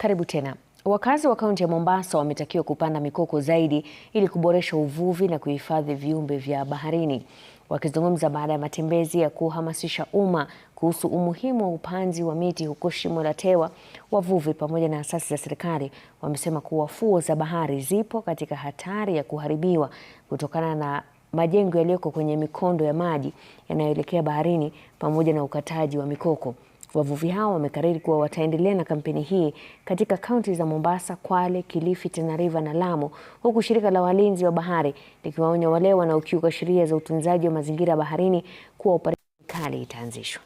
Karibu tena. Wakazi wa kaunti ya Mombasa wametakiwa kupanda mikoko zaidi ili kuboresha uvuvi na kuhifadhi viumbe vya baharini. Wakizungumza baada ya matembezi ya kuhamasisha umma kuhusu umuhimu wa upanzi wa miti huko Shimo la Tewa, wavuvi pamoja na asasi za serikali wamesema kuwa fuo za bahari zipo katika hatari ya kuharibiwa kutokana na majengo yaliyoko kwenye mikondo ya maji yanayoelekea baharini pamoja na ukataji wa mikoko. Wavuvi hao wamekariri kuwa wataendelea na kampeni hii katika kaunti za Mombasa, Kwale, Kilifi, Tana River na Lamu, huku shirika la walinzi wa bahari likiwaonya wale wanaokiuka sheria za utunzaji wa mazingira baharini kuwa operesheni kali itaanzishwa.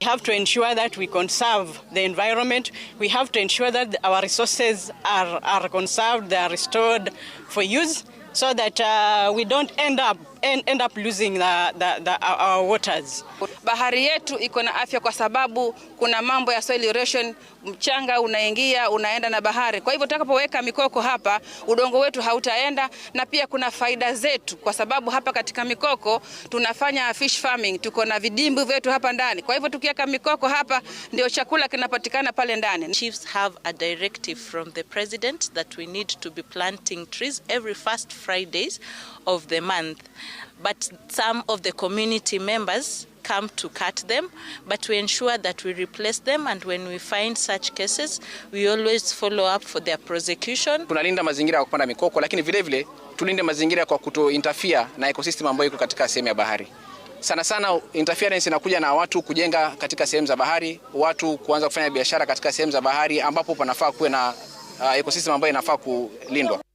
We have to ensure that we conserve the environment. We have to ensure that our resources are, are conserved, they are restored for use so that uh, we don't end up, end, end up losing the, the, the, our waters bahari yetu iko na afya kwa sababu kuna mambo ya soil erosion, mchanga unaingia unaenda na bahari. Kwa hivyo tutakapoweka mikoko hapa, udongo wetu hautaenda, na pia kuna faida zetu, kwa sababu hapa katika mikoko tunafanya fish farming, tuko na vidimbu vyetu hapa ndani. Kwa hivyo tukiweka mikoko hapa, ndio chakula kinapatikana pale ndani. Chiefs have a directive from the president that we need to be planting trees every first Fridays of the month but some of the community members come to cut them, but we ensure that we replace them and when we find such cases, we always follow up for their prosecution. Tunalinda mazingira ya kupanda mikoko, lakini vile vile tulinde mazingira kwa kuto interfere na ecosystem ambayo iko katika sehemu ya bahari. Sana sana interference inakuja na watu kujenga katika sehemu za bahari, watu kuanza kufanya biashara katika sehemu za bahari ambapo panafaa kuwe na uh, ecosystem ambayo inafaa kulindwa.